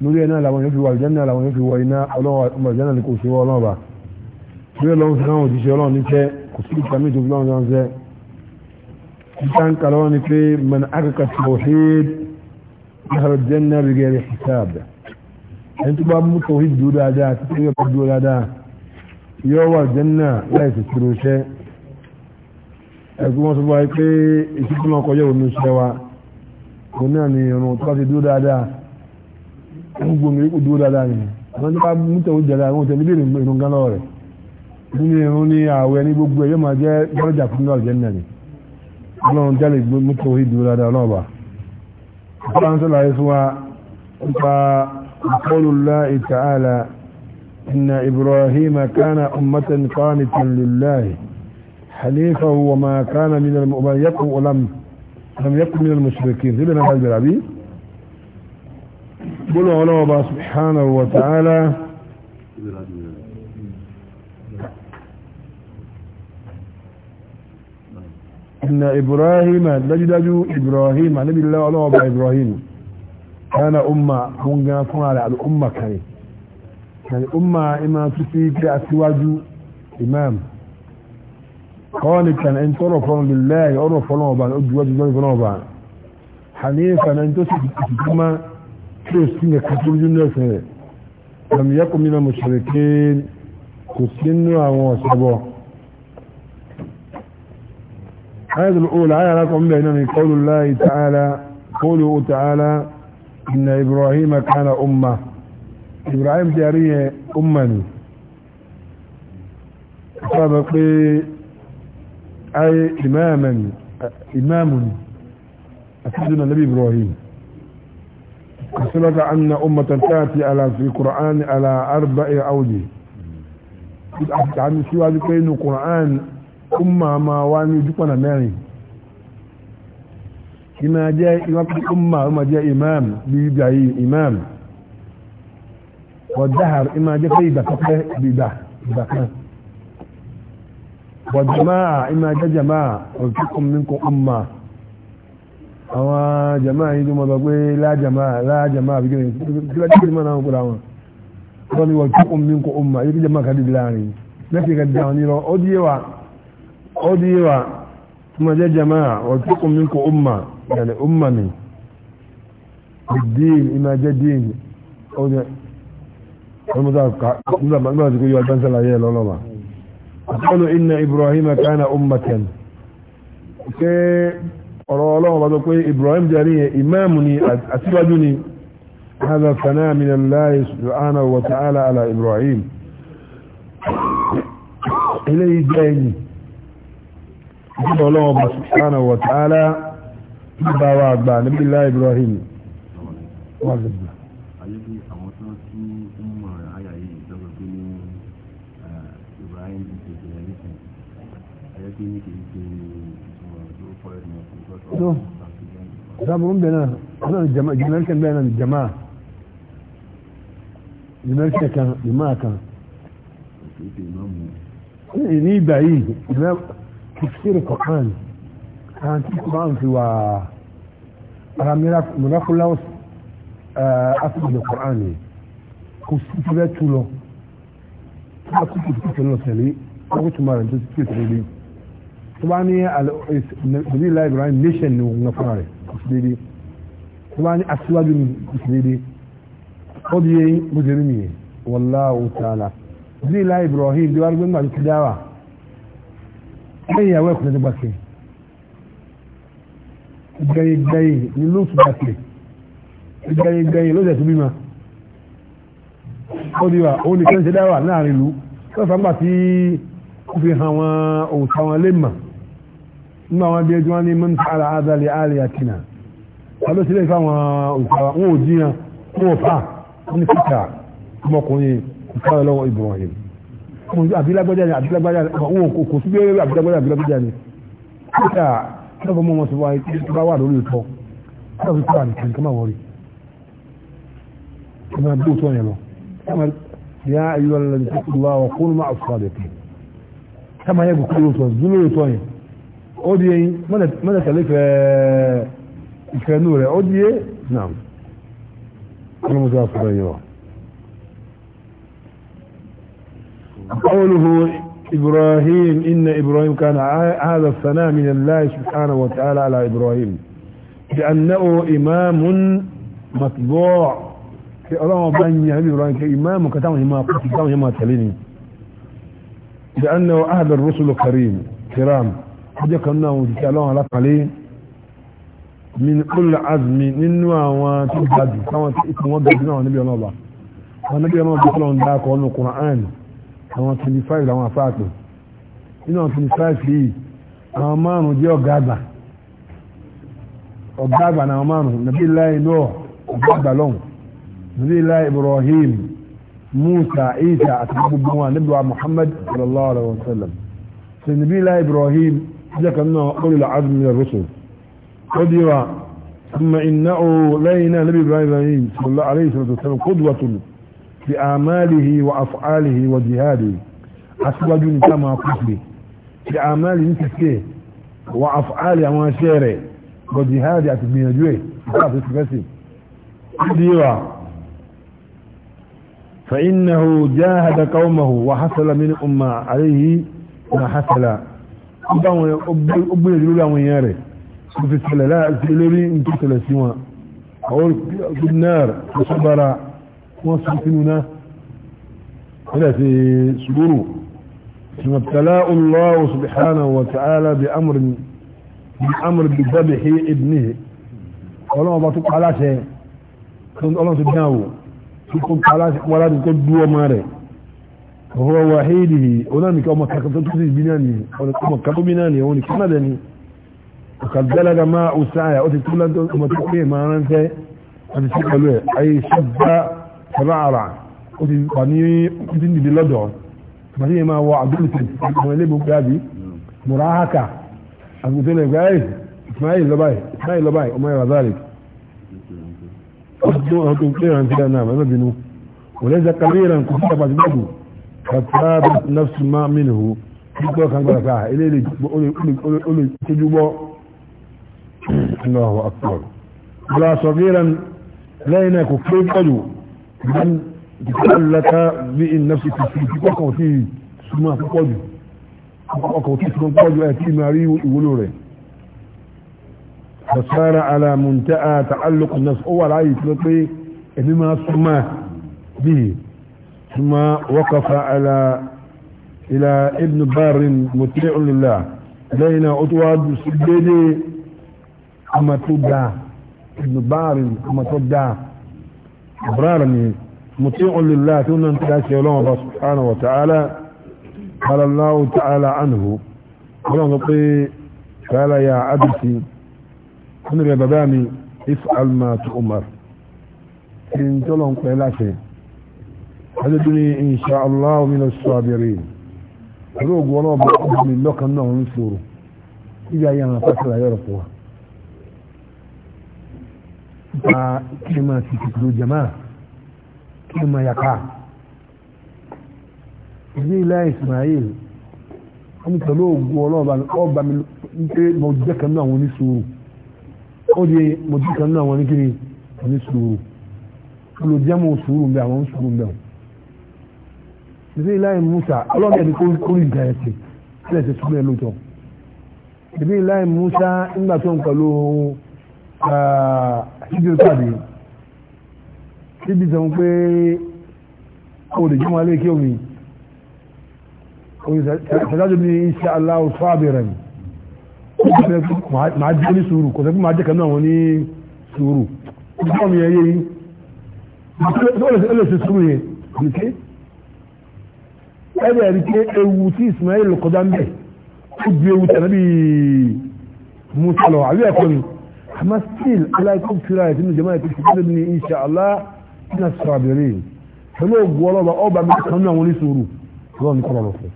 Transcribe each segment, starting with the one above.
lórí ẹ̀nà làwọn yóò fi wà ìjẹ́nà làwọn yóò fi wọ iná ọlọ́wọ́ ọmọ ìjẹ́nà ni kò sí wọ ọlọ́wọ́ bá lórí ọlọ́wọ́ fi náà òjíṣẹ́ ọlọ́wọ́ ní kẹ́ kò sí ìta méjì òfin láwọn ṣe ìta ń kà lọ́wọ́ ni pé mẹ́nà akẹ́kọ̀ọ́ ti wọ̀ sí ìhàrọ̀ ìjẹ́nà rí gẹ̀rẹ́ hisab ẹni tó bá mú tó hí dúró dáadáa tó tó yẹ kó dúró dáadáa yóò wà ìjẹ́nà láì òun náà ni ọ̀nà tó bá ti dúró dáadáa ń gbomi rí dúró dáadáa ni àwọn tó bá mú tẹ̀wọ́ jẹ̀dá àwọn tẹ̀lé bèrè irun gánà rẹ̀ nínú irun ní ààwẹ̀ ní gbogbo ẹ̀ yóò máa jẹ́ dọ́jà fún náà jẹ́ nàní ọlọ́run jálè mú tẹ̀wọ́ dúró dáadáa ọlọ́run bá ọlọ́run sọ̀rọ̀ ayé fún wa nípa qawlullahi ta'ala inna ibrahima kana ummatan qanitan lillahi hanifa wa ma kana minal mu'minin لم يكن من المشركين ابن عبد العبي قلوا الله سبحانه وتعالى ان ابراهيم لجدج ابراهيم نبي الله الله با ابراهيم كان امه كون كون على الامه كان يعني امه اما تسيك اسواج امام kọ́nìkan ẹni tọ́rọ̀ fọ́nà lèláyé ọ̀rọ̀ fọ́nà ọba ojúwájú lọ́rọ̀ fọ́nà ọba hanifa ẹni tó sì ti kúmá tí ó sì ń kà tó lójú lẹ́sẹ̀ rẹ̀ lọ́mú yẹ́kùn mi náà mo ṣẹlẹ̀ pé kò sí nínú àwọn ọ̀sẹ̀ bọ̀. ayé tó lóòlà ayé alákọ̀ọ́ mbẹ̀ náà ni kọ́lù láì tààlà kọ́lù ó tààlà ìnà ibrahim kana umma ibrahim ti àríyẹ umma ni. أي إماما إمام أسدنا النبي إبراهيم أسلك أن أمة تأتي على في القرآن على أربع أوجه àmì síwájú pé inú Qur'an ó máa ma wá ní ojúpọ̀nà mẹ́rin ìmá jẹ́ ìmá ọmọ jẹ́ imam bí ibi ayé imam wọ́n dáhàr ìmá jẹ́ pé ìgbà kọ́kẹ́ bí وجماعة إما جاء جماعة وفيكم منكم أمة أو جماعة يجمع بقول لا جماعة لا جماعة بيجي كلا كل ما نقول أنا قال وفيكم منكم أمة يجي جماعة كذي بلاني نفي كذي يعني لو أوديوا أوديوا ثم جاء جماعة وفيكم منكم أمة يعني أمة من الدين إما جاء دين أو المذاكرة المذاكرة يقول يا بنسلا يا لا لا قالوا إن إبراهيم كان أمة ọ̀rọ̀ ọlọ́run bá sọ pé ibrahim jari imamu ni àtíwájú ni hada sana min allahi subhanahu wa ta'ala ala ibrahim ilé ìjẹ́ ẹ̀yìn ìjọba ọlọ́run bá subhanahu wa ta'ala bá wa àgbà níbi láì ibrahim wà gbogbo no samun bena wannan jama'a jimar kan bena jama'a jimar kan jama'a kan ní ìgbà yìí ìgbà kìfìrì kọ̀kan àwọn tí kò bá ń fi wà ara miraculous afẹ́gbẹ̀lẹ̀ kọ̀kan ni kò sí ti fẹ́ tu lọ tí a kò tó ti tẹ̀lé ọ̀sẹ̀ lé ọkùnrin tó máa rẹ̀ tó ti tẹ̀lé lé tó bá ní nàbí láì ibrahim nation ni òun fúnra rẹ̀ kò sí déédéé tó bá ní aṣíwájú ni kò sí déédéé ó di yẹn bó ṣe rí nìyẹn wallahu ta'ala nàbí láì ibrahim tí wàá gbé nígbà tó ti dáwà lẹ́yìn ìyàwó ẹ̀kọ́ nígbà tó gbẹ̀yìn gbẹ̀yìn ni lóòtù bá tẹ̀ gbẹ̀yìn gbẹ̀yìn ló tẹ̀sí bímọ ó di wa ní kí wọ́n ṣe dáwà láàrin ìlú tó tí ó hàn wọn òòtà wọn lé nínú àwọn abẹ́rẹ́ tí wọ́n ní mọ́n fara azalẹ̀ alẹ́ àtìnà ọdún sílẹ̀ fáwọn òkàwà wọn ò jíyàn wọn ò fà wọn ní kíkà ọmọkùnrin ìkàwé lọ́wọ́ Ibrahim àbílágbájá ni àbílágbájá wọn ò kò sí bẹ́ẹ̀rẹ́ àbílágbájá àbílágbájá ni kíkà lọ́fọ̀ mọ́ wọn sọ wáyé tí bá wà lórí ìtọ́ lọ́fọ̀ kíkà nìkan kí máa wọrí ọmọ ó di eyín تلف tẹ̀lé fẹ́ نعم أنا ó أيوة قوله إبراهيم إن إبراهيم كان هذا الثناء من الله سبحانه وتعالى على إبراهيم بأنه إمام مطبوع في الله بني أبي إبراهيم كإمام كتاب ما كتاب كتاوه تليني بأنه أهل الرسل كريم كرام ọjọ́ kan náà àwọn òṣìṣẹ́ aláwọn alápàlẹ́ min kúlù azmi nínú àwọn tó ga jù táwọn tí ìtàn wọn gajù náà níbi ọlọ́ọ̀bà wọn níbi ọlọ́ọ̀bà tó kọ́lọ̀ ń dá akọ ọmọ Qur'an àwọn 25 làwọn afáàpè nínú àwọn 25 yìí àwọn márùn jẹ́ ọ̀gá àgbà ọ̀gá àgbà náà márùn nàbí láì náà ọ̀gá àgbà lọ́hùn nàbí láì Ibrahim Musa Isa àti gbogbo wọn níbi wa Muhammad sallallahu alaihi wa sallam sinabi láì Ibrahim ذاك أنه أولي العزم من الرسل قدر ثم إنه لينا نبي إبراهيم صلى الله عليه وسلم قدوة في أعماله وأفعاله وجهاده أسواج كما قفل في أعماله نتسكيه وأفعاله وشيره وجهاده أتبين جوه كافي سكسي قدر فإنه جاهد قومه وحصل من أمة عليه ما حصل ọgbẹ́ ìlú lórí àwọn èèyàn rẹ̀ kò fi ṣẹlẹ̀ láti lórí nǹkan ṣẹlẹ̀ sí wọn àwọn gbìnnáàr tó sọ́bara wọ́n sọ sínú náà nílẹ̀ sí sùúrù sùmọ̀tàlá Allahu subhanahu wa ta'ala bi amrin bi amrin bi dhabihi ibnihi ọlọ́wọ́ bá tó pa aláṣẹ ọlọ́wọ́ tó dáwò tó pa aláṣẹ wọ́n láti kó dúró ọmọ rẹ̀ ọ̀rọ̀ wà hìdìhì onáníkà ọmọ kàkàtàkùsì bínání ọmọ kàkàtàkùsì bínání òun ni kánàdà ni ọ̀kàdàlága máa ó sáyà ó ti tó láńtọ́ ọmọ tó pé máa ránṣẹ́ àti sí pẹ̀lú ẹ̀ ayé ṣọ́gbà sábà àrà ó ti wà ní ti ń dìde lọ́dọ̀ màtí yẹn máa wọ àdúgbò ọmọ ilé gbogbo àbí mùràhàkà àgùntàn lè gbé ayé ìsmáyé lọ́bàyè ìsmáyé lọ́bàyè ọmọ ìwà zárè ó ti tó ọdún pé kàtàbà nafsu ma minhu gbígbọ́ kan gbọ́dọ̀ ká ilé ilé olùtójú bọ́ Allahu akbar bla sagiran lẹ́yìn náà kò kéré pọ̀jù gbọ́n ìtàlẹ́ta bí i nafsu ti fi kíkọ́ kan sí súnmọ́ pọ̀jù ọkọ̀ tí súnmọ́ pọ̀jù ẹ̀ tí máa rí ìwúlò rẹ̀ fasara ala munta'a ta'alluq nafsu ó wà láàyè tí wọ́n pé ẹ̀mí máa súnmọ́ bíi ثم وقف على إلى ابن بار مطيع لله لينا أتواد سجدي أما تدع ابن بار أما تدع أبرارني مطيع لله ثم انتهى الله سبحانه وتعالى قال الله تعالى عنه قال يا عبدي أمر يا بابامي افعل ما تؤمر إن تلهم قيلاتي ألدني إن شاء الله من الصابرين روق ورب أبني لك أنه نسور إذا يانا فسر يرفوها كما تكتلو جماعة كما يقع إذن لا إسماعيل أنت روق ورب أبني مجدك أنه نسور أجي مجدك أنه نكري نسور كل جمع سور بها ومسور بها ṣiṣẹ́ iláyìn musa ọlọ́run ẹni kórì ìgbà ẹ̀sìn sílẹ̀ ṣe túbẹ̀ lóòótọ́ ṣiṣẹ́ iláyìn musa nígbà tó ń pẹ̀lú ṣíbi ìpàdé ṣíbi sọ pé olùjọ́ máa lé kí omi ṣàdájọ́ bí insha Allah fábẹ̀rẹ̀ mi máa jẹ́ ní sùúrù kò sẹ́kù máa jẹ́ kanú àwọn ní sùúrù ìjọ́ mi ẹ̀yẹ yìí ó lè ṣe sùúrù yẹn ẹ̀rọ ẹ̀rí pé ewu tí Ismail kọjá ń bẹ̀ ó ju ewu tẹ̀lé bí Musa lọ àbí ẹ̀kọ́ ni àmọ́ still aláìkọ́ fira ẹ̀ sínú jẹ́mọ́ ẹ̀kọ́ fìdí ní insha Allah ní asọ̀rọ̀ àbẹ̀rẹ̀ pẹ̀lú ògùn ọlọ́ba ọba mi kan náà wọn ní sùúrù lọ́wọ́ ní kọ́lọ́ lọ́fọ̀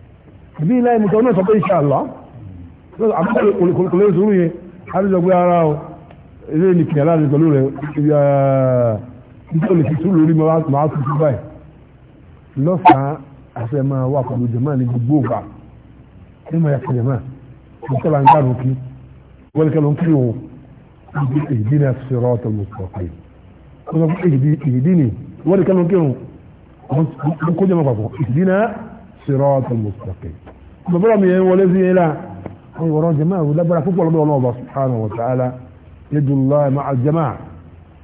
bí ilá ẹni kan náà sọ pé insha Allah àbúkọ̀ kòlè sùúrù yẹn àdúgbò ara o ilé ní kìnìyà afẹ́ máa wà pẹ̀lú jẹ̀mọ́ ní gbogbo ògbà ní mo yà sí jẹ̀mọ́ mo kọ́ la ń dárò kí wọ́n kẹ́ ló ń kí o ibi èyí náà fi rọ́ ọ̀tọ̀ mo sọ̀ pé wọ́n sọ pé èyí ni wọ́n kẹ́ ló ń kí o wọ́n kó jẹ́mọ́ papọ̀ èyí náà fi rọ́ ọ̀tọ̀ mo sọ̀ pé bàbá mi yẹn wọlé sí yẹn la wọ́n yọ̀rọ̀ jẹ̀mọ́ àwọn lágbára púpọ̀ lọ́dọ̀ ọlọ́ọ̀bà subhanahu wa ta'ala yadullahi ma'a jama'a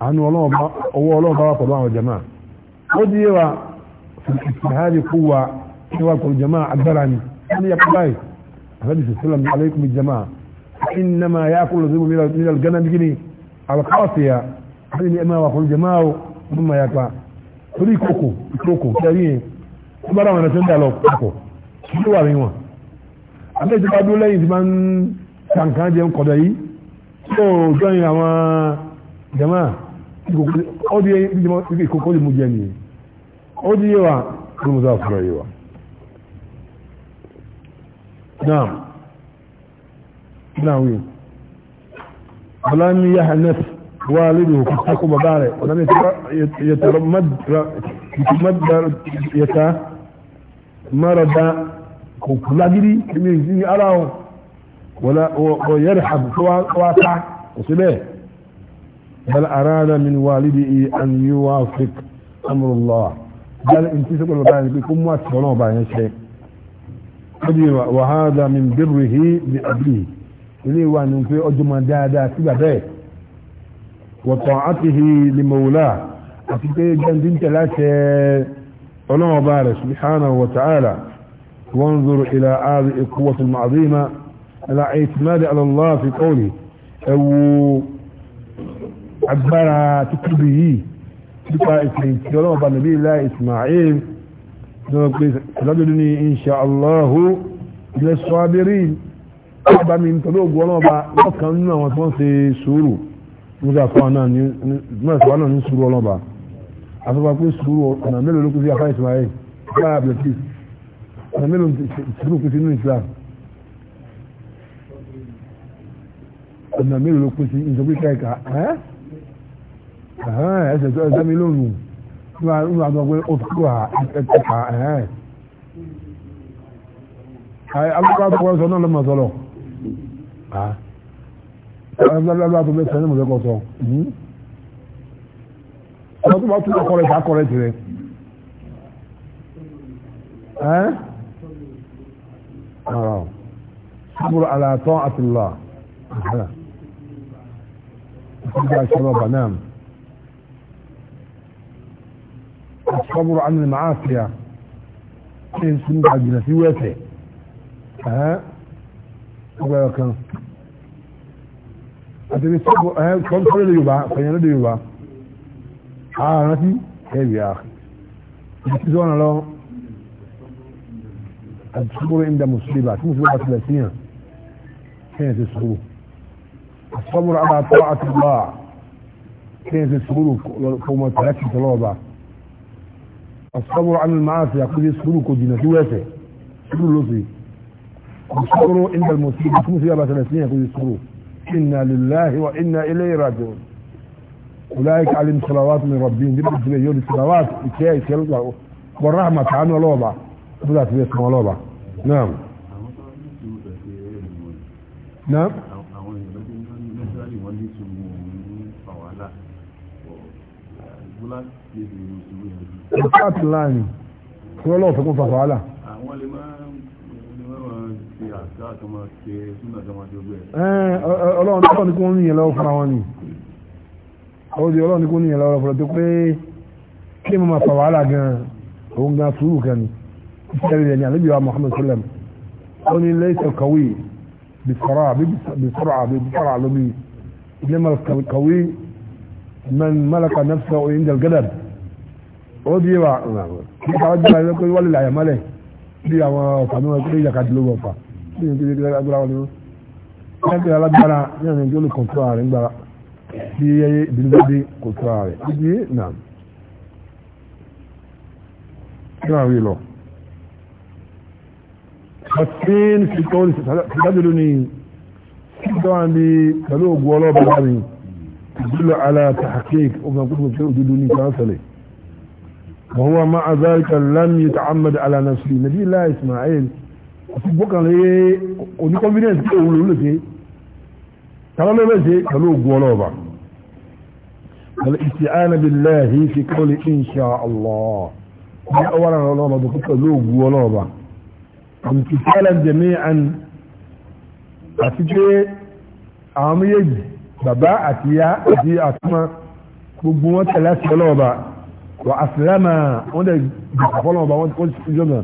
àánú ọlọ́ọ̀bà ọwọ́ ọlọ́ọ̀bà wà pẹ̀lú àwọn jama'a ó di yé wa هذه قوة نواكم الجماعة أكبرني أنا يقبعي النبي صلى الله عليه وسلم عليكم الجماعة إنما يأكل الذئب من الجنب جني على قاسية هذه إما وأكل الجماعة مما يقبع torí ìkókò ìkókò tẹ́rí yẹn tó bá dáwọn ẹ̀sẹ̀ ń dà lọ kókò kí ló wà ní wọn. àbẹ́ ìjọba adó lẹ́yìn tí máa ń kàǹkàn jẹun kọ̀dọ̀ yìí tó jọyìn àwọn jẹ̀mọ́ ìkókò ó di ìkókò lè mú jẹ nìyẹn ó di yíwa ní mo sáfúnra yíwa náà náà wí ọlá ní yáha nẹ́t wá lébi òkú tako bàbá rẹ̀ ọ̀nà ní yẹtọ̀rọ̀ yẹta márọ̀dá kò kú lágírí ní ìsinmi ara wọn wọ́n yẹ́rẹ̀ àbùkọ́ wá sá òsínbẹ́ẹ̀ بل أراد من والده أن يوافق أمر الله jálẹ̀ ní tí sọ́kọ̀ bàbá yẹn pé kó mú àtìkọ́ náà bá yẹn ṣe ó di wàhálà mi bẹ̀rù hí ní àbí ilé wa ni pé ọjọ́ máa dáadáa sígbà bẹ́ẹ̀ wọ̀tọ̀ àti hí ni mọ̀wúlà àti pé jẹ́ndín tẹ̀lá ṣe ọlọ́wọ́ bá subhanahu wa ta'ala wọ́n zoro ilà ààrẹ ikú wọ́tọ̀ màdìmá ilà àìsímádì alọ́lá fi kọ́ọ̀lì ẹ̀wù agbára tuntun nípa ìsìn tí ọlọ́wọ́ bá nàbí ilá Ismail lọ́wọ́ pé ìlọ́dọ̀dún ní insha Allahu ilẹ̀ sọ́abẹ́rì ọba mi tọ́lọ́ ògùn ọlọ́wọ́ bá lọ́kàn nínú àwọn tí wọ́n ṣe sùúrù nígbà fún wa náà ní sùúrù ọlọ́wọ́ bá àtọ́wọ́ pé sùúrù ọ̀nà mélòó ló kú sí afá Ismail bá abdulatif ọ̀nà mélòó sùúrù kú sí inú Islam ọ̀nà mélòó ló kú sí ìjọba ìka ẹsẹ̀ tó ẹsẹ̀ mi lónìí nínú àgbà pé ó fi wà ẹ̀ka ẹ̀hẹ́n. alùpùpù àtọ́kọ́ sọ náà lọ́mọ sọlọ. alùpùpù àtọ́kọ́ sọ náà lọ́mọ sọ. ọ̀sán hmm? tó bá tún ọkọ rẹ̀ sá kọ rẹ̀ tirẹ̀. صبر على طاعة الله. الحمد لله شباب نعم. الصبر عن المعاصي كيف سنة عجلة في واسع ها أقول لك àti ní sọ́kọ́ lè yorùbá fẹ̀yìn lóde yorùbá ara rántí ẹ̀bì ààrẹ ìdí sọ́nà lọ àti sọ́kọ́ ìdá mùsùlùmí àti mùsùlùmí àti lẹ́sìyàn kẹ́yìn ti sùúrù àsọ́mùrù àbá tọ́ àti bá kẹ́yìn ti sùúrù kọ́mọ tẹ̀lẹ́tì tọ́lọ́ọ̀bá الصبر عن المعاصي يقول سلوك الدين سواسه سلوك لطي الصبر عند المصيبة مصيبة بعد ثلاثين يقول السلوك إنا لله وإنا إليه راجعون أولئك عليهم صلوات من ربهم دي بالنسبة لي يقول الصلوات إكياي سيرجع والرحمة تعالى ولوبة بدأت بيسمع ولوبة نعم نعم Thank you ìfáàtì láàrin tí wọ́n lọ́wọ́ fẹ́ kún fàfà wàhálà. àwọn lè máa ń ṣe àṣà àtọmọ ṣe súnà àtọmọ àjọgbẹ. ọlọ́run tó ní kí wọ́n níyẹn lọ́wọ́ fúnra wọn ni ọdí ọlọ́run ní kí wọ́n níyẹn lọ́wọ́ fúnra tó pé kí ni mo máa fà wàhálà gan-an òun gan sùúrù kan ni ìṣẹ́rì rẹ̀ ni àlejò wa Muhammad sallam ó ní lẹ́sẹ̀ kàwé bìsọ̀rọ̀ àbí bìsọ̀rọ̀ àlómi ilé mọ̀ kàwé man malaka nafsa oyinjal ó di wa nípa àwọn jẹ́ àwọn ẹgbẹ́ wọlé làyà mọ́lẹ̀ bí àwọn ọ̀fà mi wọn kéré ìjàkadì ló wọ̀fà bí i kéré kéré agbára wọn ni wọn. wọ́n ti alágbára ní àwọn ìjọ olùkọ́ tó ààrẹ ń gbára bí ẹyẹ ìbínú bá dé kò tó ààrẹ ó di nà. kí wọ́n rí lọ. ọ̀sìn fìtọ́ ìdájọ́ ni fìtọ́ wọn bí pẹ̀lú ògùn ọlọ́ọ̀bá mi ìdílọ̀ alá وهو مع ذلك لم يتعمد على نفسه نبي الله اسماعيل بوكان لي اوني كونفيدنس تي اولو لو سي تالا لو سي كلو غولو با الاستعانه بالله في قول ان شاء الله اولا لو ما دوك كلو غولو با امتثالا جميعا àtijọ́ àwọn méjèèjì bàbá àti ìyá àti àtúmọ̀ gbogbo وأسلما وده فلو با وده جنة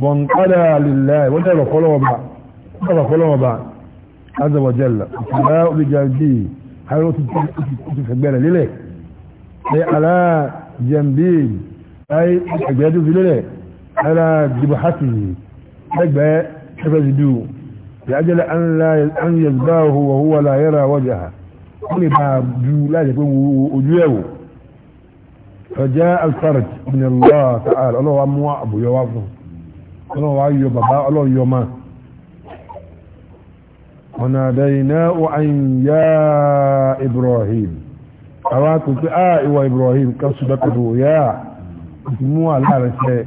وانقلى لله وده فلو با وده فلو با عز وجل فلا بجلدي هل تتكبر لله أي على جنبي أي تكبيرته في لله على جبحته تكبير تفجدو لأجل أن لا أن يزباه وهو لا يرى وجهه قل ما لا يكون وجهه فجاء الفرج من الله تعالى الله مو ابو يوافه الله ايو بابا الله يوما وناديناه ان يا ابراهيم اواكو اه ايوا ابراهيم كسبك يا مو على شيء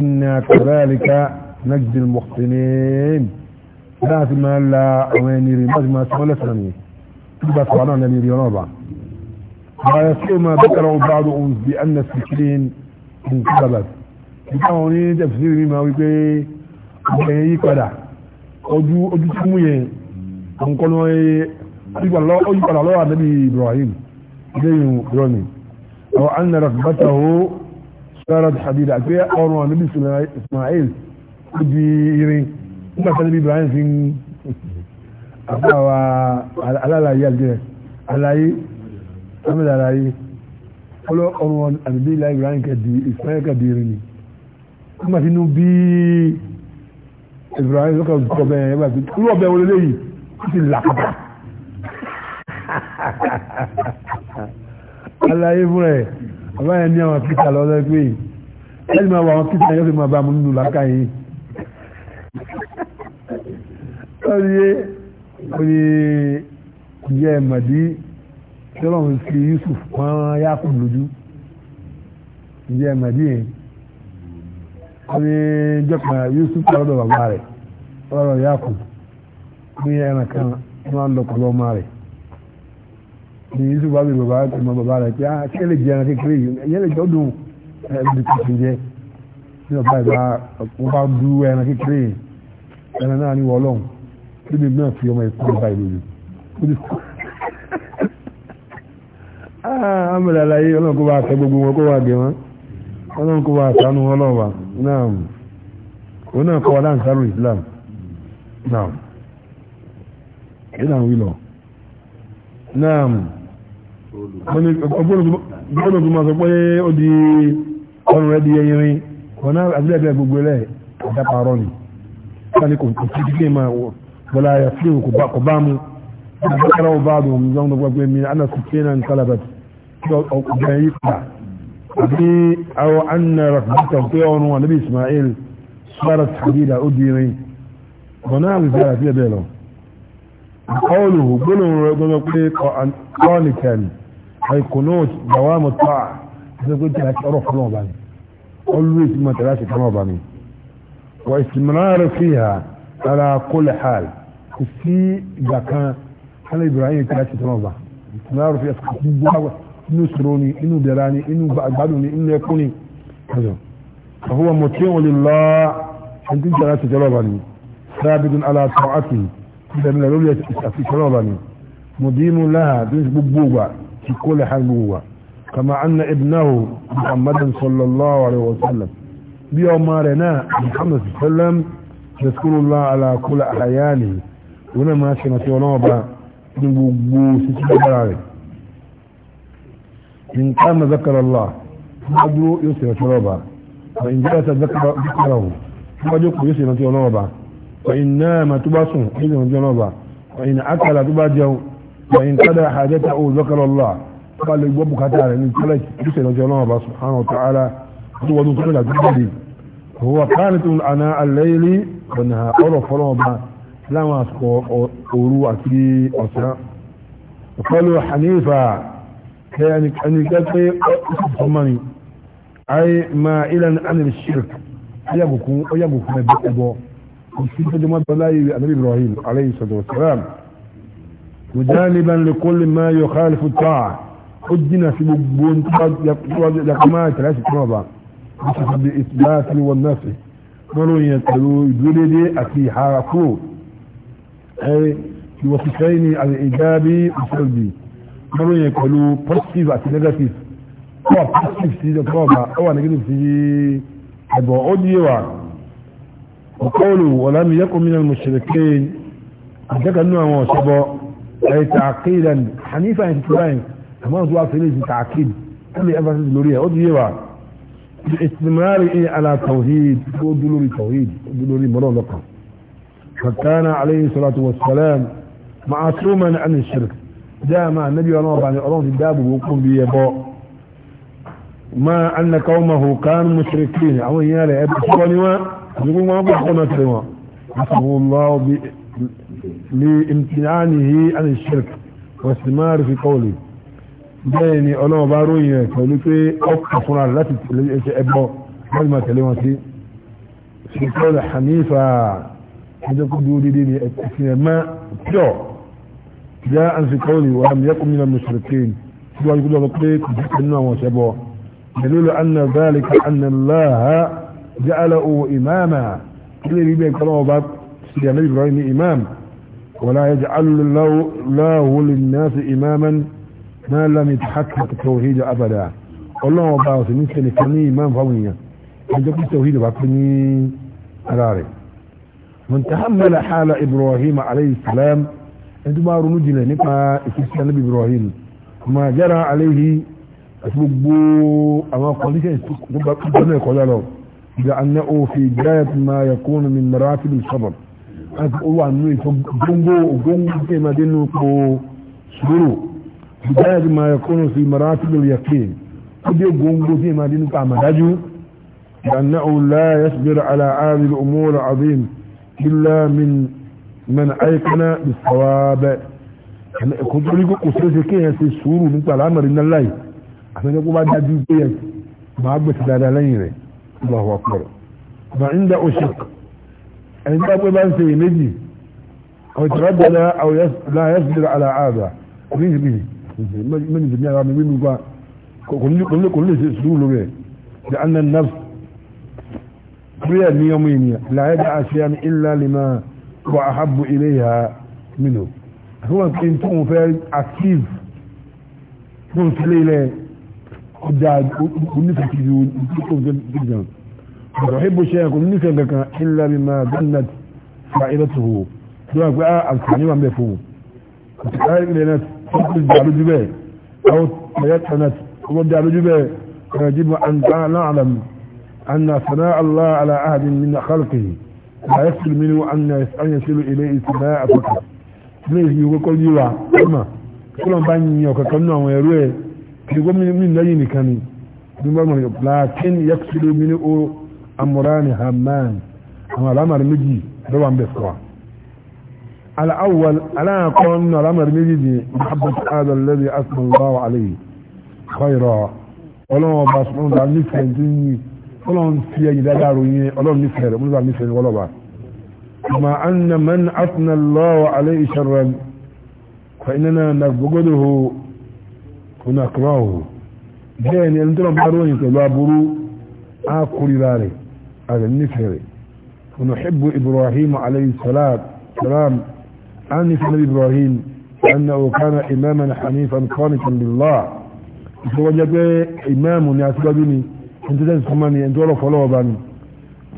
انا كذلك نجد المحسنين ذات ما لا وين يريد ما سمع لسني بس وانا نبي يونبا ما يصير ما ذكره بعض أنس بأن السكرين انقلبت ìtàwọn ní tẹ̀fìsí rí ma wípé ọ̀gbẹ̀yìn yí padà ojú ojú tí mú yẹn ọ̀nkọ́nà ọ̀yípadà lọ́wọ́ àdẹ́bí Ibrahim lẹ́yìn rọ́nì àwọn annara bàtà ó sára hadida àti ọrùn àdẹ́bí Ismail ó di irin nígbà tí àdẹ́bí Ibrahim fi ń àfáwà alálàyé àlàyé sami dara yi ọlọ ọmọ àbíbí ilá ibrahim kẹdì ìsmáyà kẹdì rìn ni wọn bá ti nu bí ibrahim lọkọ kọ bẹ́ẹ̀ ẹ bá ti olú ọbẹ wọlé lẹ́yìn ó ti là kàtà alaye fúnra ẹ bàbá yẹn ní àwọn kíkà lọ lọ pé ẹni máa wọ àwọn kíkà yẹn ó sì máa bá mu nínú làákà yìí lórí oye ìyá ẹ̀ màdí tọ́lọ́run fi Yusuf pọ́n Yakub lójú ǹjẹ́ màdí yẹn wọ́n ní Yusuf lọ́dọ̀ bàbá rẹ̀ lọ́dọ̀ Yakub ní ẹran kan wọ́n lọ pẹ̀lú ọmọ rẹ̀ ní Yusuf wà bí bàbá rẹ̀ tẹ̀mọ́ bàbá rẹ̀ pé á ah, kí ẹ lè jẹ ẹran kékeré yìí ẹ̀yẹ́ lè jọ dùn ẹ̀ẹ́dì tuntun jẹ́ ní ọ̀pá ìgbà wọ́n bá du ẹran kékeré yìí ẹran náà ní wọ́ọ́lọ́hùn níbi náà fi àmàlà ah, aláyé ọlọ́run kó bá fẹ́ gbogbo wọn kó wà gẹ̀ wọn ọlọ́run kó bá sánú ọlọ́wà náà òun náà kọ́ aláǹsáró Islam náà ìlànà wílọ̀ náà bọ́ọ̀lù tó máa sọ pé ó di ọrùn rẹ̀ di ẹyẹrin wọn náà àbílẹ̀ gbogbo rẹ̀ àdáparọ́ ni sani kò tí kí ní máa wọlá ayà fíìmù kò bá mu àbúkárà ọba àdùn ọmọ gbogbo mi ana kò tí náà ń kálábàtì ọkùnrin yìí fà àbí àwọn anna rakhbata pé ọrùn wa nabi ismail sọ́rọ̀ tàbídà ó dìrín bọ̀nà àbìsára sí ẹ̀bẹ̀ lọ kọlù gbólóhùn rẹ̀ gbọ́nà pé kọ́nìkẹ̀l àìkùnóòt dàwámù tà ìsẹ́gbẹ́ tí a ti ọrọ̀ fún ọba ni always ma tẹ̀lá sí fún ọba ni wà ìsìmìlára fi hà tara kólè hàl kò sí ìgbà kan hàn ibrahim tẹ̀lá sí fún ọba ìsìmìlára fi hà kò sí gbogbo inú ìṣòro ni inú ìdẹ̀ra ni inú àgbàdo ni inú ẹkún ni àfọwọ́ mọ̀ tí wọ́n lè lọ ẹni tí jẹ́ra ti jọlọ́ba ni sábìdún aláàtọ̀ àti ìdẹ̀mílẹ̀ lórí àti jọlọ́ba ni mùdímù láhà tó ń ṣe gbogbo wa ti kó lè ha gbogbo wa kama anna ibnahu muhammadin sallallahu alaihi wa sallam bí ọmọ rẹ̀ náà muhammad sallam yaskurullah ala kula ahayani wọn máa ṣe na ti ọlọ́wọ́ bá ní gbogbo sí ti إن كان ذكر الله فأجو يسر شرابا وإن جلس ذكر ذكره فأجو يسر شرابا وإن نام تبصر إذن شرابا وإن أكل تبجو وإن قضى حاجته ذكر الله قال لي بابك تعالى إن ثلاث يسر شرابا سبحانه وتعالى هو ذكر الجديد هو قانت أناء الليل وإنها أرف فرابا لما أسكو أورو أكي أسرع وقالوا حنيفة يعني أن يقول أصمني أي ما إلى عن الشرك يبكون ويبكون بأبو وفي جمع بلاي النبي إبراهيم عليه الصلاة والسلام وجانبا لكل ما يخالف الطاعة أدنا في بون يقمات ثلاثة كنوبة بسبب الإثبات والنفي ولو يتلو دولدي أكي حارفو أي في وصفين الإيجابي والسلبي lọ́wọ́ yẹn pẹ̀lú positive àti negative ọwà positive sí ọkọ̀ ọba ọwà negative sí ẹ̀bọ̀ ó di ẹwà ọ̀kọ́ọ̀lù ọ̀làmì yẹ́kùn mi náà mushrikin àjẹ́kà nínú àwọn ọ̀ṣọ́bọ ẹ̀yẹ ta'qidan hanifa yẹn ti báyìí àmọ́ ọ̀ṣọ́ àfẹ́lẹ́ ti ta'qid ó lè emphasis lórí ẹ̀ ó di ẹwà ìtìmọ̀rì ẹ̀ ala tawhid ó dú lórí tawhid ó dú lórí mọ́lọ́ فكان عليه الصلاة والسلام معصوما عن الشرك dáàmà anábì ọlọ́run ọba ni ọlọ́run ti dáàbò bò kún bí ẹbọ ma anna qawmahu kanu mushrikin àwọn èèyàn rẹ̀ ẹbí sọ́kọ́ ni wọ́n àti gbogbo wọn bọ̀ kọ́nà tẹ̀lé wọn asàbùnláwọ̀ bí li imtinanihi an shirk wa istimar fi qawli bẹ́ẹ̀ ni ọlọ́run bá ròyìn rẹ̀ pẹ̀lú pé ọkọ̀ fúnra rẹ̀ láti tẹ̀lé ẹsẹ̀ ẹbọ wọ́n ma tẹ̀lé wọn sí ṣèkọ́ rẹ̀ hanifa ẹjọ́ kó dúró dédé ni ẹ̀sìn جاء في قوله ولم يكن من المشركين سواء يقول له بطيق انه وشبوه دليل ان ذلك ان الله جعله اماما اللي بيبقى كلامه بعد يا نبي ابراهيم امام ولا يجعل الله, له للناس اماما ما لم يتحقق التوحيد ابدا الله ما بعث من سنه امام فوقيه عندك التوحيد بعقلي على من تحمل حال ابراهيم عليه السلام ẹni tó bá ronú jinlẹ̀ nípa ìfisí anábì Ibrahim ọmọ àjára aléhi àti gbogbo àwọn conditions tó bá gbọ́nà ẹ̀kọ́ yá lọ ìgbà aná òfin gáyà tó máa yẹ kó nù mí mara fílù sọ́bọ̀ láti ó wà nínú ìtọ́ gbóngbó ògbóngbó tó máa dé nínú po sùúrù gáyà tó máa yẹ kó nù sí mara fílù yàkè ó dé gbóngbó tó máa dé nínú pa àmàdájú ìgbà aná òun láyà yasbir ala ààrẹ òmùrà àdéhìn illa min من أيقنا بالصواب كنت أقول لكم أسرسي كي يسير نقطع الأمر إن الله أحنا نقول بعد هذه الدنيا ما أقبس دادا لين الله أكبر ما عند أشك عند أبو بانسي نجي أو يتردد أو يس... لا يصبر على هذا ليش به من الدنيا رامي مين يقول كل كل كل سيسير له لأن النفس كريا نيومين لا يدع شيئا إلا لما wa ahabu ilayha minhu àwọn kí n tó ń fẹ́ active fún ìfẹ́lẹ́ ilẹ̀ ọjà onífẹ̀ẹ́ ti ju tó ń fẹ́ jẹun ọ̀rọ̀ ìbò ṣe ẹ̀kọ́ onífẹ̀ẹ́ kankan illa bima dannat fa'idatuhu tó wà pé a àǹfààní wà mẹ́ fún un ọ̀tí ilẹ̀ náà tó ń fi jà lójú bẹ́ẹ̀ àwọn ẹ̀yà tẹ̀nà tó ń jà lójú bẹ́ẹ̀ ẹ̀rọ jíbu àǹtà náà àlàm anna sana'a Allah ala ahadin min khalqihi لا يسأل منه أن يصل إليه سماء فقط ليه يقول يوا أما كلهم باني وككلنا ويروي يقول من من لين كاني لكن يقصد منه أمران همان أما الأمر مجي روان بسكوا الأول ألا أقول أن الأمر مجي محبة هذا الذي أسمى الله عليه خيرا ولو بسمعون عن نفسه ọlọ́run fi ẹ̀yìn dáadáa ròyìn ọlọ́run nífẹ̀ẹ́ rẹ̀ múlùbà nífẹ̀ẹ́ wọ́lọ́bà مع أن من أثنى الله عليه شرا فإننا نبغضه ونكرهه بين ينتظر بارون برو أكل ذلك على النفر ونحب إبراهيم عليه السلام سلام عن نبي إبراهيم لأنه كان إماما حنيفا قانتا لله فوجد إمام يعتبرني انت تنسى مني انت ولا فلوه بني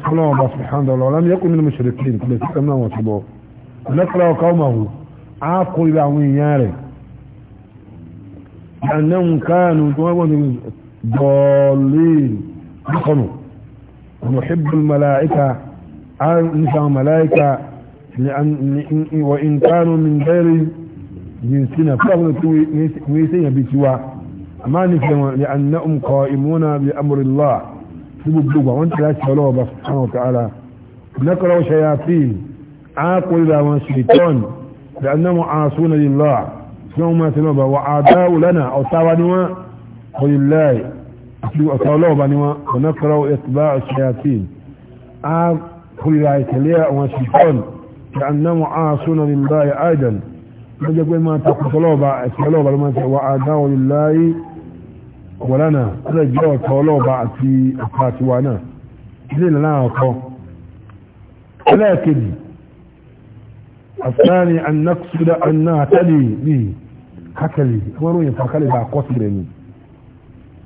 الله سبحانه وتعالى لم يكن من المشركين كل سكننا وصبوه نقرأ قومه عاقل بعوين ياري لأنهم كانوا ضالين نقنوا نحب الملائكة نساء ملائكة لأن وإن كانوا من غير جنسنا فهم ويسين بسوا ما نفهم لأنهم قائمون بأمر الله gbogbo àwọn tí láti ọlọ́wọ́ bá sọ́nà tààrà nẹ́kọ̀rọ̀ ṣayàfíìn àákùnrin àwọn ṣètọ́n da annamu asuna lillah tí wọ́n máa sinọba wa àdáwò lánà ọ̀táwa ni wọ́n kọlìláì àti ọ̀tá ọlọ́wọ́ bá ni wọ́n nẹ́kọ̀rọ̀ ẹ̀tùbá ṣayàfíìn àákùnrin àìtẹ̀lẹ́ àwọn ṣètọ́n da annamu asuna lillah aidan wọ́n jẹ́ wọ̀lánà ọ̀lẹ́ jẹ́ ọ̀tọ̀ ọlọ́ọ̀bá àti ọ̀pá àtiwá náà ilé ìlànà ọ̀kọ́ ẹlẹ́ẹ̀kejì àfẹ́ni anáksúdá aná àtẹ́lẹ̀ bí hákẹ́lì wọ́n ròyìn fàkálẹ̀ bá kọ́ sílẹ̀ ni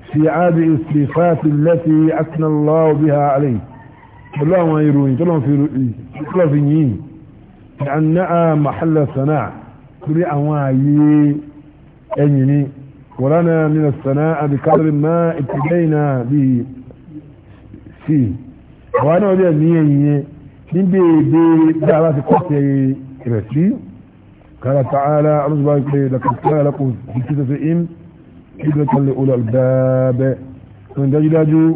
fi ábí ìsìfáàtì lẹ́tì asinaláwọ̀ bí ha alẹ́ pẹ̀lú àwọn ìròyìn tó lọ́n fi yìí anáà mahalla sana torí àwọn ààyè ẹ̀yìn ni ولنا من الثناء بقدر ما ابتدينا به فيه وانا ودي نيني من بي بي دعوات قصي رسي قال تعالى رزقك لقد كان لكم في كتاب قدرة لأولى الباب من دجلاجو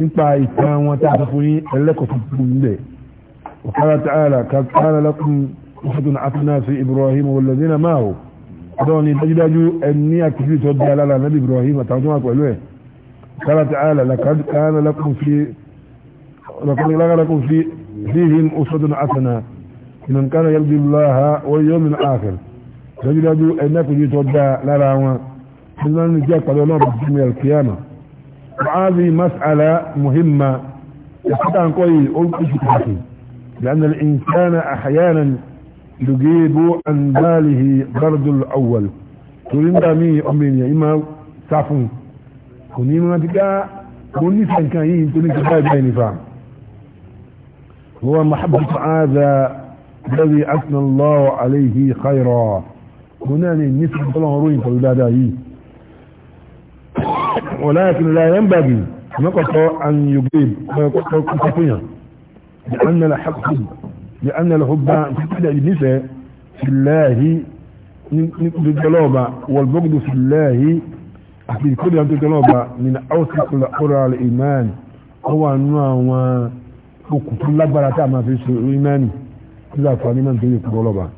nípa ìtàn wọn tí a sọ وقال تعالى قد كان لكم أسوة حسنة في إبراهيم والذين معه ọdún ni dájúdájú ẹni àkìsí tó di alára nàbí ibrahim àtàwọn tó wà pẹ̀lú ẹ̀ kára ti àlà làkàdùkàánà lákùn fi fíhìn òṣòdùn àtànà ìnàn kára yàgbé láha wọ́n yóò mìíràn àfẹ́r dájúdájú ẹni àkìsí tó di alára wọn tí wọ́n ní jẹ́ pàdé ọlọ́run bí mi alkiyama wàhálì mas'ala muhimma ìsìtà ń kọ́ yìí ó ń kú sí pàtàkì لأن الإنسان أحيانا lùgéèbó àndáàlìhì bárdùl awwal torí ń dàmí ọmọ ènìyàn ìmá sáfún kò ní máa ti ká mo nífẹ̀ẹ́ nǹkan yìí tó ní ti báyìí báyìí nífà wọ́n mahabbatu ààdà lórí asnà lọ́wọ́ àléhì khayra mo náà ní nífẹ̀ẹ́ tọ́lọ́wọ́ ròyìn pẹ̀lú dáadáa yìí wọ́n láyé kí láyé ń bàgì mẹ́kọ̀ọ́ an yóò gbé kọ́kọ́ kúkọ́ لأن الحب في الله للجلوبة والبغض في الله في كل يوم تجلوبة من أوثق القرى الإيمان هو أنواع وكتب لك براتها ما في الإيمان إذا كان إيمان في الجلوبة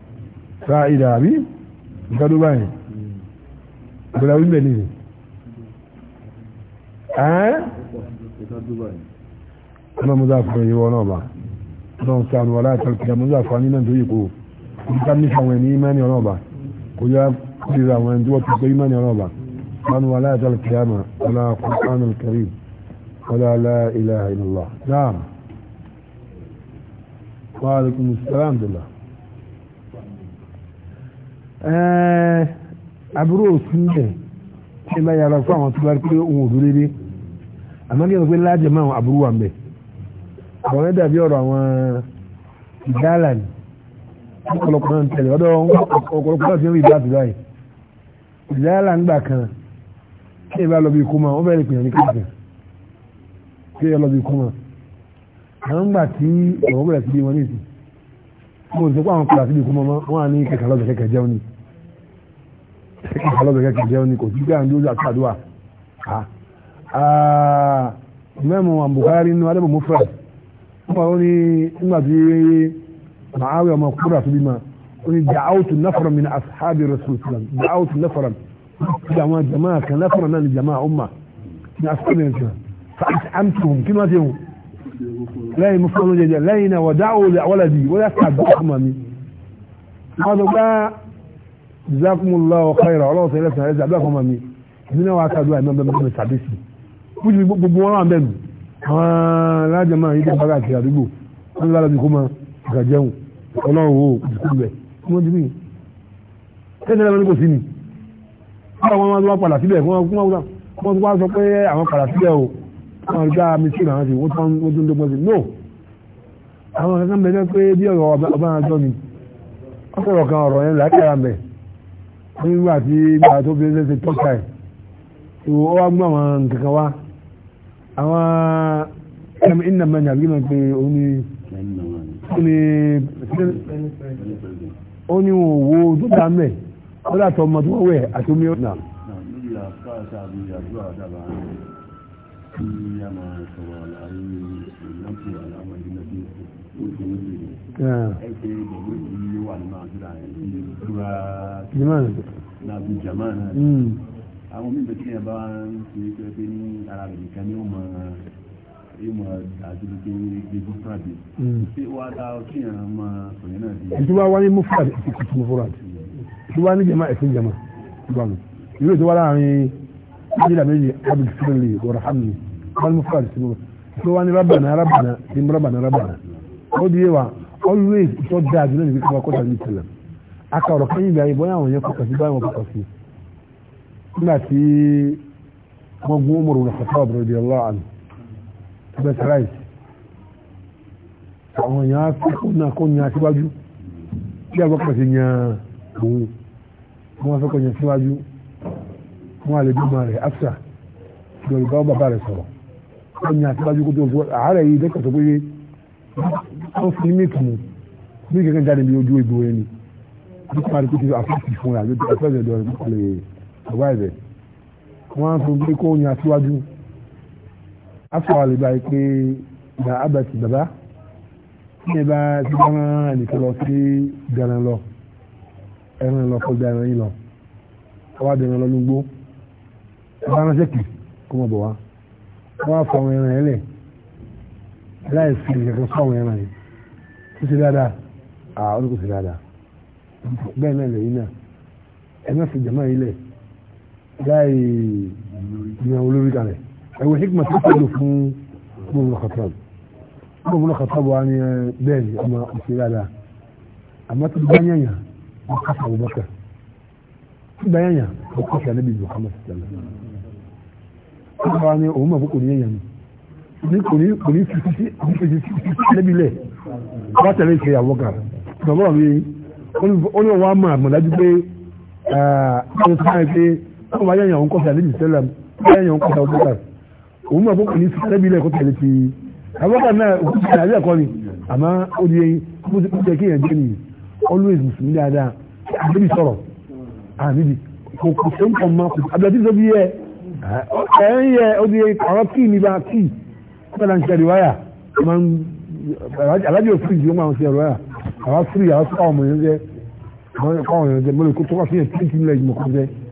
فإذا أبي قالوا باين بلا وين بنيني ها أنا مضاف إليه náà sànù wàlá àtàlùkìyà mọ́ nígbà fún anímọ̀ nítorí kò nígbà nífà wọn ní ìmọ̀ ní ọ̀nà ọ̀bà kò yá kúrìrì àwọn ẹni tí wọ́n ti pé ìmọ̀ ní ọ̀nà ọ̀bà sànù wàlá àtàlùkìyà mà ọ̀là kùránù kẹrì ọ̀là alá ilà ìlúlá dáàmù. wa ń bá yàrá fún àwọn tó bá rí pé òun ò dúró dé àmọ́ kí àwọn ẹ̀ dàbí ọ̀rọ̀ àwọn ìdálà ni ọ̀pọ̀lọpọ̀ náà ń tẹ̀lé ọ̀dọ̀ ọ̀pọ̀lọpọ̀ náà ti ń rí ìdá àtúrà yìí ìdálà ńgbà kan kí ẹ bá lọ bí ikú mọ́ wọ́n bẹ̀rẹ̀ pèèyàn ní káàkiri kí ẹ lọ bí ikú mọ́ àwọn ńgbà tí ọ̀rọ̀ bẹ̀rẹ̀ sí bí wọn ní ìsìn mo sọ pé àwọn kọlà bí ikú mọ́ wọn ní kẹkẹ lọ́bẹ̀ kẹkẹ kẹkẹ lọ́bẹ̀ fún àwọn ní nígbà tí màáwí ọmọ kúrò àti bímọ ó ní dàáwùtù náfọ̀rọ̀ mi ní asáábì rasulillah dàáwùtù náfọ̀rọ̀ jama jama kan náfọ̀rọ̀ náà ní jama umma ní asáábì rasulillah fàtí àmtùm kí máa ti hù lẹ́yìn mú fún oúnjẹ lẹ́yìn náà wọ́n dáwò wọ́lẹ̀dì wọ́n yà sàgbà ọmọ mi wọ́n tó gbá jazakumullahu khayra ọlọ́wọ́ sọ ilẹ̀ sàn ẹ̀sẹ̀ àbúrò ọmọ mi ìdí náà wà á sàdúrà ìmọ̀ bẹ́ẹ̀ àwọn alájọmọ yìí tó bá gàtì àdúgbò wọn lọ bí kó máa gà jẹun ọlọ́run wo ìdíkú bẹ̀ kí wọ́n ti bí tẹ́tẹ́ lẹ́nu kò sí ni wọ́n máa wá padà síbẹ̀ wọ́n tún wá sọ pé àwọn padà síbẹ̀ o wọ́n rí gbá mi sí ìlànà sí wọ́n tún dọ́gbọ́n sí no àwọn kankan bẹ náà pé bí ọ̀rọ̀ ọba àjọ ni ọ̀pọ̀lọ̀ kan ọ̀rọ̀ yẹn láti ara mẹ́ nígbà tí gbà tó fi ẹsẹ̀ tọ́ka ẹ̀ ìwọ wá gbọ́ àwọn kankan wá àwọn ẹ̀mí iná mẹ́rin àgbìmọ̀ pé ó ní ó ní òwò tó dá mẹ́ ó dàtọ̀ ọmọ tó wẹ̀ àti omi ọ̀nà. Jamaa àwọn mímu tí yẹn bá ń fi pé pé ní ara rẹ̀ nìkan ni ó mọ ìmọ̀ àdúgbò ibi mufradi tí hmm. wàá dá kí yẹn mọ sọ̀yìn náà di. ìtura wa ní mufradi àti kùtù mufradi ìtura ní jama ẹ̀sìn jama ìgbà mi ìwé ìtura láàrin ìdílé méjì abdul sibili wọ̀rọ̀ hàmì wọn ní mufradi sí mufradi ìtura wa ní rabana rabana ní rabana rabana ó di yé wa always ìtọ́ dáa jùlọ níbi kí wọ́n kọ́ta ní ìtẹ̀lẹ̀ akọ̀rọ̀ kẹ́yìn bí ayé bọ́yá àwọn yẹn kọ́kọ́ sí báyìí wọ́n kọ́kọ́ sí nígbà tí wọ́n gún Umar ibn Khattab radiyallahu anhu ẹgbẹ́ sàráìsì àwọn èèyàn fẹ́kọ̀ọ́ náà kó yan síwájú tí agbọ́pọ̀ sí yan òun wọ́n fẹ́kọ̀ọ́ yan síwájú wọ́n àlejò ọmọ rẹ̀ afsa lórí bá bàbá rẹ̀ sọ̀rọ̀ ó yan síwájú kó tó fún ààrẹ yìí dẹ́kọ̀ tó péye wọ́n fi ní ìtumù bí kankan jáde bí ojú ìgbò rẹ̀ ni bí kò máa rí kó ti àfọ́sì fún rẹ̀ àti ẹ̀fẹ́ rẹ̀ lọ́rẹ̀ bàbá ẹ̀bẹ̀ wọ́n á fún pé kó ní aṣíwájú afọ àlebà yìí pé ìgbà abẹ́tì bàbá tí ẹ bá ti bá rán ẹnìkan lọ sí ganan lọ ẹran lọ kọjá ẹran yìí lọ ọwọ́ adẹ̀ràn lọ lógbó ẹ bá ránṣẹ́ kì kó mọ̀ bọ̀ wá wọ́n á fọ àwọn ẹran yẹn lẹ̀ láì fi ìkẹ̀kẹ́ fún àwọn ẹran yìí tó ṣe dáadáa àwọn olùkọ́ ṣe dáadáa bẹ́ẹ̀ náà lè yín náà ẹ má fi jàmáà yìí lẹ̀ láì yan olórí kalẹ̀ ẹ̀wọ̀n hikma tó kọjú fún gbogbo khatab gbogbo khatab wa ni eh, bẹ́ẹ̀ ni ọmọ òṣèré àdá àmọ́ tó bá yẹn yàn wọ́n kásá Abubakar tó bá yẹn yàn wọ́n kásá Nabi Muhammad sallallahu alaihi wasallam ọba ni òun mọ̀ kò ní èèyàn ní kò ní kò ní fi sí sí lẹ́bi lẹ̀ wá tẹ̀lé ìṣe ìyàwó kan bàbá mi ó ní wọn máa mọ̀ dájú pé ó ní eh, sáré pé àwọn ayé yàn ń kọ́ sí àlejò sẹ́lá ayé yàn ń kọ́ sí àwọn bọ́tà òun mọ̀ fún kìíní sẹ́bi ilẹ̀ tẹ̀lé ti àbọ̀tà náà òkú ti àlẹ́ ẹ̀kọ́ ni àmọ́ ó di kó jẹ́ kéèyàn jẹ́ nìyí always mùsùlùmí dáadáa àbíbi sọ̀rọ̀ àbíbi kò kò tó ń pọ̀ mọ́ àbẹ̀tí tó bí yẹ ẹ̀ ń yẹ ó di ọ̀rọ̀ tíì níbà tíì ọ̀pẹ̀lá ń ṣe àríwáyà máa ń alájọ fíríjì ó máa ń ṣe àríwáyà àwa fíríjì àwa fún àwọn ọmọ yẹn jẹ́ àwọn ọmọ yẹn jẹ́ mọ́lẹ̀ tó wá sí yẹn tíì